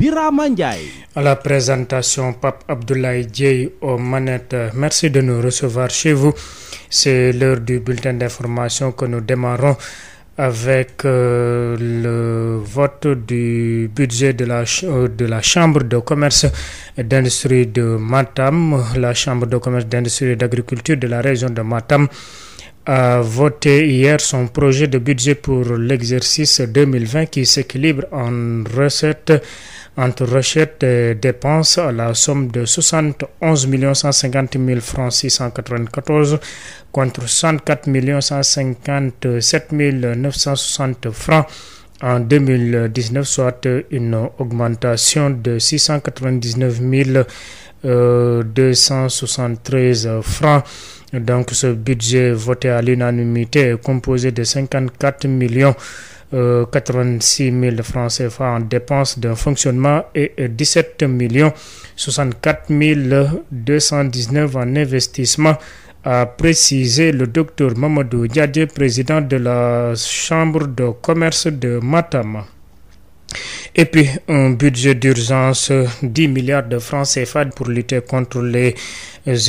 Birama Ndiaye. À la présentation, Pape Abdoulaye Dieye aux manettes. Merci de nous recevoir chez vous. C'est l'heure du bulletin d'information que nous démarrons avec euh, le vote du budget de la euh, de la Chambre de commerce et d'industrie de Matam, la Chambre de commerce d'industrie et d'agriculture de la région de Matam. a voté hier son projet de budget pour l'exercice 2020 qui s'équilibre en recettes entre recettes et dépenses à la somme de 71 150 000 francs 694 contre 64 157 960 francs en 2019, soit une augmentation de 699 000 Euh, deux cent soixante-treize francs donc ce budget voté à l'unanimité est composé de cinquante-quatre millions euh, quatre mille francs CFA en dépenses de fonctionnement et dix-sept millions soixante-quatre mille deux cent dix-neuf en investissement a précisé le docteur Mamadou Diadje, président de la Chambre de commerce de Matam. Et puis un budget d'urgence, 10 milliards de francs CFA pour lutter contre les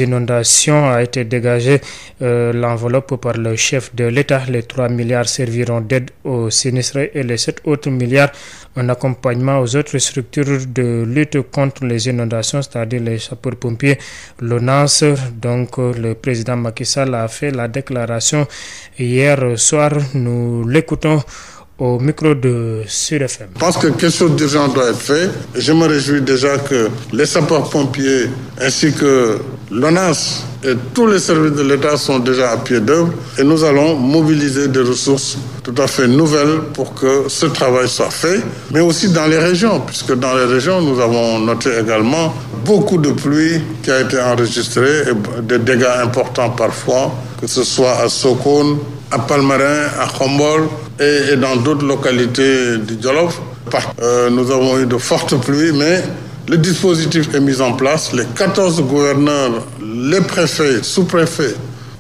inondations a été dégagé euh, l'enveloppe par le chef de l'État. Les 3 milliards serviront d'aide aux sinistrés et les 7 autres milliards en accompagnement aux autres structures de lutte contre les inondations, c'est-à-dire les sapeurs-pompiers, l'ONAS. Donc le président Macky Sall a fait la déclaration hier soir. Nous l'écoutons. au micro de Sud FM. Je pense que quelque chose d'urgent doit être fait. Je me réjouis déjà que les sapeurs-pompiers ainsi que l'ONAS et tous les services de l'État sont déjà à pied d'œuvre et nous allons mobiliser des ressources tout à fait nouvelles pour que ce travail soit fait, mais aussi dans les régions, puisque dans les régions, nous avons noté également beaucoup de pluie qui a été enregistrée et des dégâts importants parfois, que ce soit à Sokone, à Palmarin, à Khombol et, dans d'autres localités du Djolof. Euh, nous avons eu de fortes pluies, mais le dispositif est mis en place. Les 14 gouverneurs, les préfets, sous-préfets,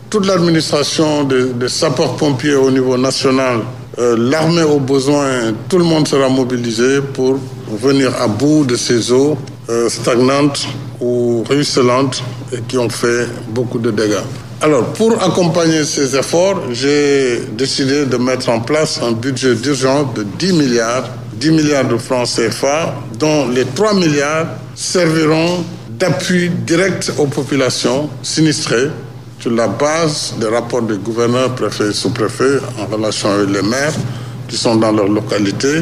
toute l'administration des, des sapeurs-pompiers au niveau national, euh, l'armée au besoins, tout le monde sera mobilisé pour venir à bout de ces eaux euh, stagnantes ou ruisselantes et qui ont fait beaucoup de dégâts. Alors, pour accompagner ces efforts, j'ai décidé de mettre en place un budget d'urgence de dix milliards, 10 milliards de francs CFA, dont les 3 milliards serviront d'appui direct aux populations sinistrées sur la base des rapports des gouverneurs, préfets et sous-préfets en relation avec les maires qui sont dans leur localité.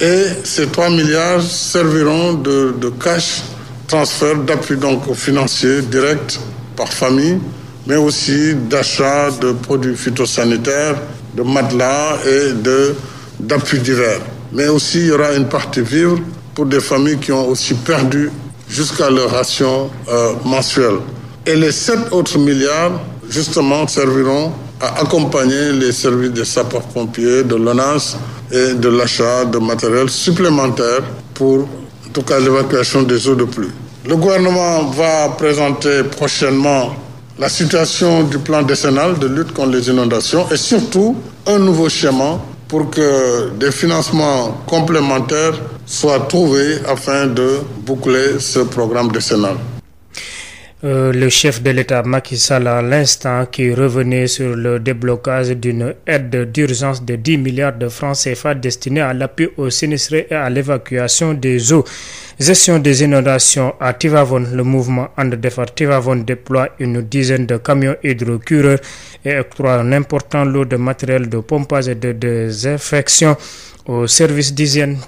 Et ces 3 milliards serviront de, de cash transfert d'appui donc aux financiers directs par famille mais aussi d'achat de produits phytosanitaires, de matelas et de d'appuis divers. Mais aussi, il y aura une partie vivre pour des familles qui ont aussi perdu jusqu'à leur ration euh, mensuelle. Et les sept autres milliards, justement, serviront à accompagner les services de sapeurs-pompiers, de l'ONAS et de l'achat de matériel supplémentaire pour, en tout cas, l'évacuation des eaux de pluie. Le gouvernement va présenter prochainement la situation du plan décennal de lutte contre les inondations et surtout un nouveau schéma pour que des financements complémentaires soient trouvés afin de boucler ce programme décennal. Euh, le chef de l'État Macky Sall à l'instant qui revenait sur le déblocage d'une aide d'urgence de 10 milliards de francs CFA destinée à l'appui au sinistrés et à l'évacuation des eaux. Gestion des inondations à Tivavone. Le mouvement And Defar Tivavone déploie une dizaine de camions hydrocureurs et octroie un important lot de matériel de pompage et de désinfection au service d'hygiène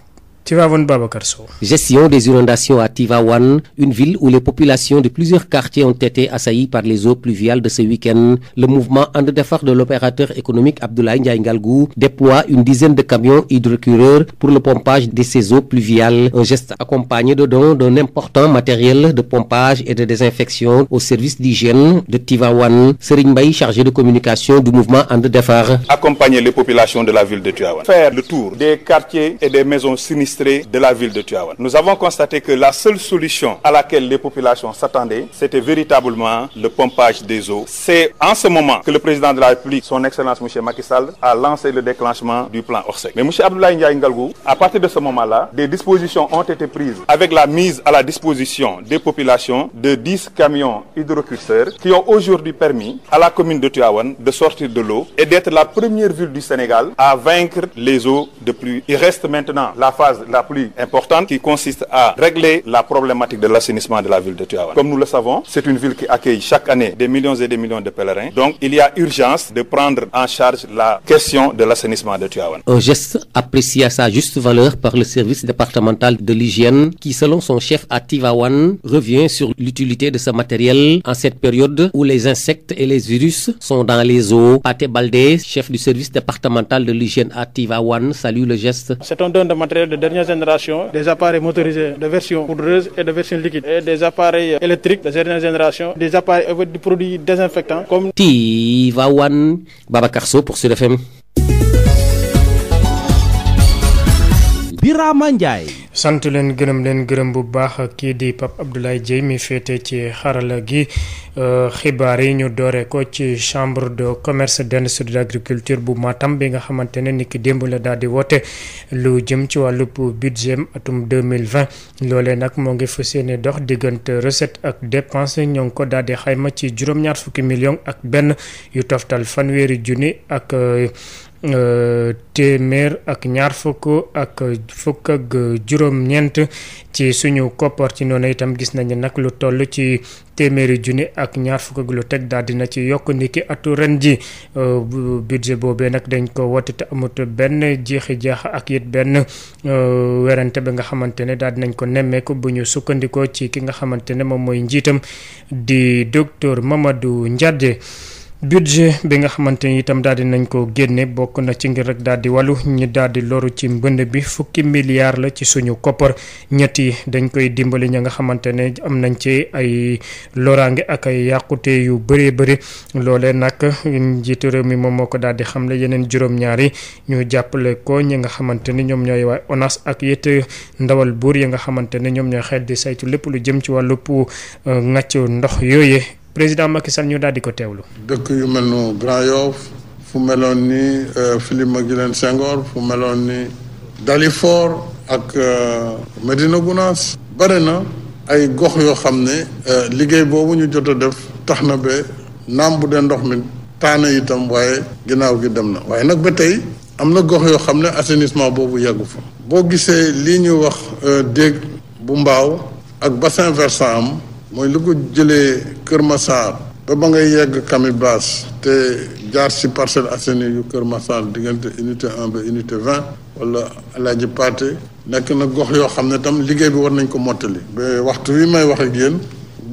Tivaouane Babacar Sow. Gestion des inondations à Tivaouane, une ville où les populations de plusieurs quartiers ont été assaillies par les eaux pluviales de ce week-end. Le mouvement And Defar de l'opérateur économique Abdoulaye Ndiaye déploie une dizaine de camions hydrocureurs pour le pompage de ces eaux pluviales. Un geste accompagné de dons d'un important matériel de pompage et de désinfection au service d'hygiène de Tivaouane. Serigne Mbaye, chargé de communication du mouvement And Defar. Accompagner les populations de la ville de administrés de la ville de Tivaouane. Nous avons constaté que la seule solution à laquelle les populations s'attendaient, c'était véritablement le pompage des eaux. C'est en ce moment que le président de la République, son excellence monsieur Macky a lancé le déclenchement du plan Orsec. Mais monsieur Abdoulaye Ndiaye à partir de ce moment-là, des dispositions ont été prises avec la mise à la disposition de 10 camions hydrocureurs qui ont aujourd'hui permis la plus importante qui consiste à régler la problématique de l'assainissement de la ville de Tivaouane. Comme nous le savons, c'est une ville qui accueille chaque année des millions et des millions de pèlerins. Donc, il y a urgence de prendre en charge la question de l'assainissement de Tivaouane. Un geste apprécié sa juste valeur par le service départemental de l'hygiène qui, selon son chef à Tivaouane, revient sur l'utilité de ce matériel en cette période où les insectes et les virus sont dans service départemental de l'hygiène à Tivaouane, salue le geste. dernière génération, des appareils motorisés de version poudreuse et de version liquide, et des appareils électriques de dernière génération, des appareils avec des produits désinfectants comme Tivawan Babacarso pour Sud FM. Birama Ndiaye sant leen gërëm leen gërëm bu baax kii di Pape Abdoulaye Dieye mi féete ci xarala gi euh, xibaar yi ñu doore ko ci chambre de commerce d'industrie d'agriculture bu Matam bi nga xamante ne niki démb la daal di woote lu jëm ci wàllub budget atum mille vingt loolee nag moo ngi fa yéene dox diggante recette ak dépense ñoo ko daal di xayma ci juróom-ñaar fukki million ak benn yu toftal fanweeri junni ak euh, téeméer ak ñaar fukk ak fukk juróom-ñeent ci suñu koppar ci noonu itam gis nañu nag lu toll ci téeméeri junni ak ñaar fukk ak lu teg daal na ci yokk niki atu ren ji euh, budget boobee nag dañ ko wote te amut benn jeexi jaax ak it benn euh, werante bi nga xamante ne daal dinañ ko nemmeeku bu ñu sukkandikoo ci ki nga xamante ne moom mooy njiitam di docteur mamadu Ndiadé. budget bi nga xamante ni itam daal di nañ ko génne bokk na ci ngir rek daal di wàllu ñu daal di loru ci mbënd bi fukki milliards la ci suñu ñett yi dañ koy dimbali ña nga xamante ne am nañ ci ay loraange ak ay yàqute yu bëree bëri loolee nag njiitu réew mi moom moo ko daal di xamle yeneen juróom-ñaar ñu jàppale ko ñi nga xamante ni ñoom ñooy waa ONAS ak yét ndawal buur yi nga xamante ne ñoom ñooy xel di saytu lépp lu jëm ci wàllu ngàcc euh, ndox yooyee président Macky Sall ñu daal di ko teewlu. dëkk yu mel nu Grand Yoff fu meloon ni euh, Philippe Maguilène Senghor fu meloon ni Dalifort ak euh, Medina Gounass bare na ay gox yoo xam ne euh, liggéey boobu ñu jot a def tax na ba naam bu dee ndox mi taana itam waaye ginnaaw gi dem na waaye nag ba tey am na gox yoo xam ne assainissement boobu yàggu fa boo gisee lii ñuy wax déeg bu mbaaw ak bassin versant am mooy lu ko jëlee Kër Massar ba ba ngay yegg Camibas te jaar si Parcelles Assainies yu Kër Massar diggante unité 1 ba unité 20 wala Alaaji Paate nekk na gox yoo xam ne tam liggéey bi war nañ ko mottali ba waxtu wi may waxee ak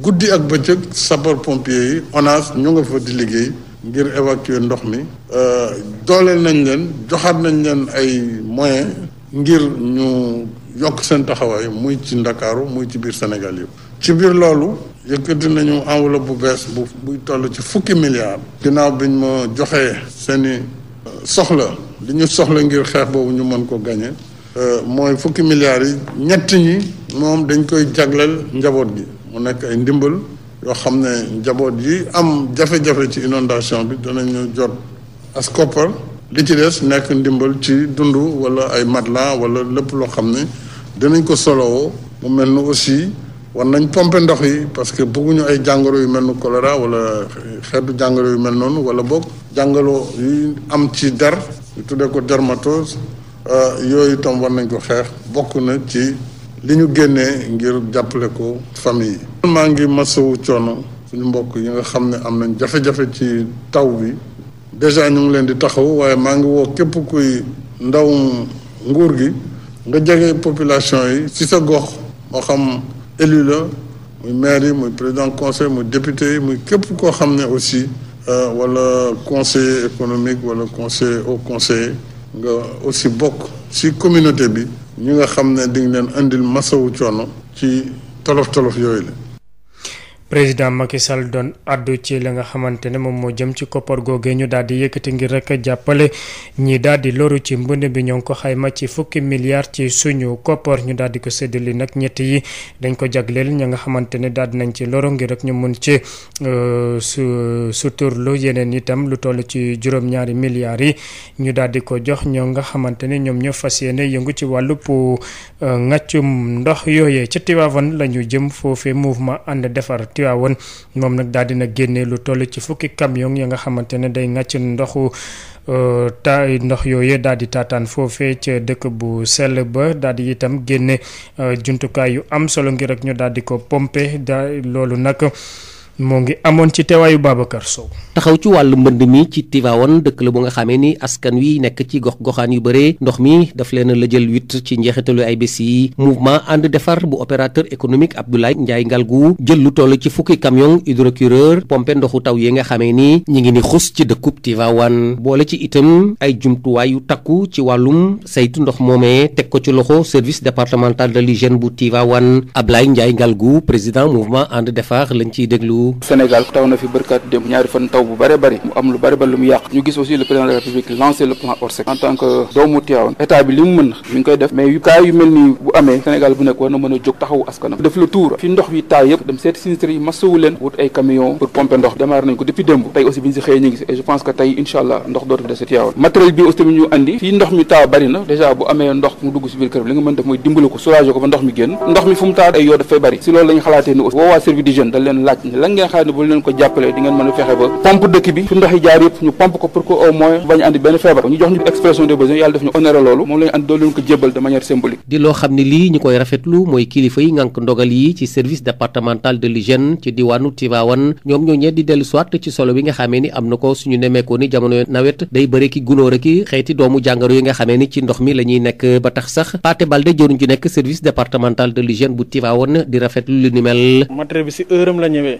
guddi ak bëccëg sapeur pompier yi ONAS ñu nga fa di liggéey ngir évacuer ndox mi euh, dooleel nañ leen joxaat nañ leen ay moyen ngir ñu yokk seen taxawaay muy ci Ndakaaru muy ci biir Sénégal yëpp ci biir loolu yëkkati nañu enveloppe bu bees bu buy toll ci fukki milliards ginnaaw biñ ma joxee seeni euh, soxla li ñu soxla ngir xeex boobu ñu mën ko gañe euh, mooy fukki milliards yi ñett ñi moom dañ koy jagleel njaboot gi mu nekk ay ndimbal yoo xam ne njaboot yi am jafe-jafe ci inondation bi danañu jot as koppar li ci des nekk ndimbal ci dund wala ay matelas wala lépp loo xam ne danañ ko solowoo mu mel ni aussi war nañ pomper ndox yi parce que bëgguñu ay jàngoro yu mel ni choléra wala xeetu jàngoro yu mel noonu wala bokk jàngoro yu am ci der ñu tuddee ko dermatose euh, yooyu tam war nañ ko xeex bokk na ci li ñu génnee ngir jàppale ko famille yi. maa ngi masawu coono suñu mbokk yi nga xam ne am nañ jafe-jafe ci taw bi déjà ñu ngi leen di taxaw waaye maa ngi woo képp kuy ndaw nguur gi nga jege population yi ci sa gox moo xam. élu la muy maire yi muy président conseil muy député yi muy képp koo xam ne aussi euh, wala conseiller économique wala conseiller au conseil nga aussi bokk si communauté bi ñi nga xam ne di nga leen indil masawu coono ci tolof tolof yooyu la président Macky Sall doon addu ci la nga xamante ne moom moo jëm ci koppar googe ñu daal di yëkkati ngir rek jàppale ñi daal di loru ci mbënd bi ñoo ngi ko xayma ci fukki milliards ci suñu koppar ñu daal di ko séddali nag ñetti yi dañ ko jagleel ña nga xamante ne daal di nañ ci loru ngir rek ñu mun ci euh, su suturlu yeneen itam lu toll ci juróom-ñaari milliards yi ñu daal di ko jox ñoo nga xamante ne ñoom ñoo fas yéene yëngu ci wàllu wàllub ngàccum euh, ndox yooyee ci Tivaouane la ñu jëm foofee mouvement ànd defar Tiwaawoon moom nag daal na génne lu toll ci fukki camion ya nga xamante ne day ngàcc ndoxu euh, ta ndox yooyu daal di taataan foofee ca dëkk bu sell ba daal di itam génne euh, jumtukaay yu am solo ngir rek ñu daal di ko pompe da loolu nag moo ngi amoon ci teewaayu Babacar Sow. taxaw ci wàllu mbënd mi ci Tivaouane dëkk la bu nga xamee ni askan wi nekk ci gox goxaan yu bëree ndox mi daf leen la jël huit ci njeexitalu ay bés yi mouvement ànd defar bu opérateur économique Abdoulaye ngal gu jël lu toll ci fukki camion hydrocureur pompe ndoxu taw yi nga xamee ni ñi ngi ni xus ci dëkkub Tivaouane boole ci itam ay jumtuwaay yu takku ci wàllum saytu ndox moomee teg ko ci loxo service départemental de l'hygiène bu Tivaouane Abdoulaye Ndiaye Ngalgou président mouvement ànd defar lañ ciy déglu bu Sénégal taw na fi bërkaat démb ñaari fan taw bu bare bëri mu am lu bëri bëri lu mu yàq ñu gis aussi le président de lancer le plan Orsec en aussi bi ñu si xëyee ñu ngi si et je pense que tey incha ndox dootu fi des si Tivaouane matériel bi ñu andi fii ndox mi taa bëri na bu amee ndox mu dugg si kër bi li nga mën def mooy dimbali ko soulager ko ba ndox mi génn ndox mi fu mu taa ay yoo dafay bëri si loolu lañ xalaatee ni aussi woowaa service d'hygiène dañ ngeen xam ne bu leen ko jàppale di ngeen a loo xam ne lii ñu koy rafetlu mooy kilifa yi ngànk ndogal yi ci service départemental de l'hygiène ci diwaanu Tivaouane ñoom ñoo ñee dellu soit ci solo bi nga xamee ni am na ko suñu nemmeekoo ni jamono nawet day bëri ki i xeeti doomu jàngoro yi nga xamee ni ci ndox mi la ñuy nekk ba tax sax Paté Baldé jëruñ ju nekk service départemental de l'hygiène bu Tivaouane di rafetlu lu ni mel matériel bi ci heure la ñëwee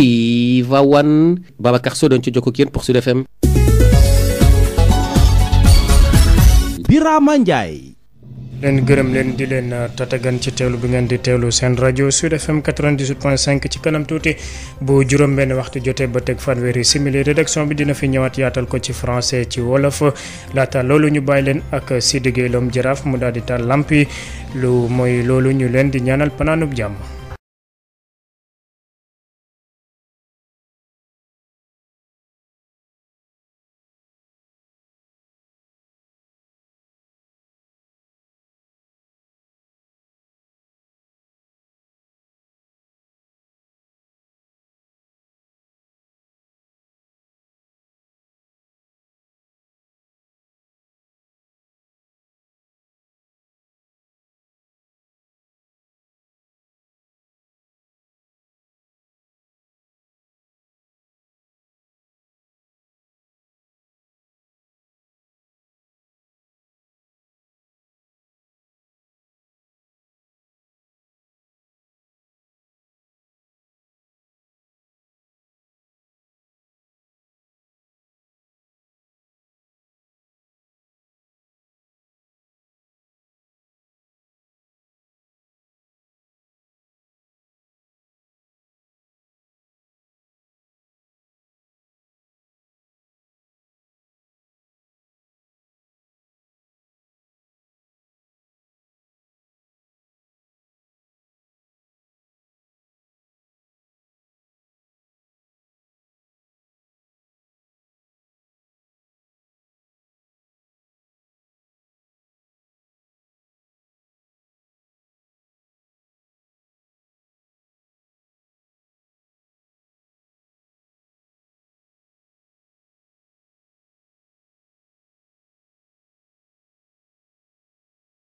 Tivaouane Babacar So doon ci jokkoog yéen pour Sud FM. Birama Ndiaye. leen gërëm leen di leen uh, tatagan ci teewlu bi ngeen di teewlu seen rajo Sud FM 98.5 ci kanam tuuti bu juróom-benn waxtu jotee ba teg fanweeri simili rédaction bi dina fi ñëwaat yaatal ko ci français ci wolof laata loolu ñu bàyyi leen ak Sidiki Lom Jaraaf mu daal di taal lamp lu mooy loolu ñu leen di ñaanal panaanub jàmm.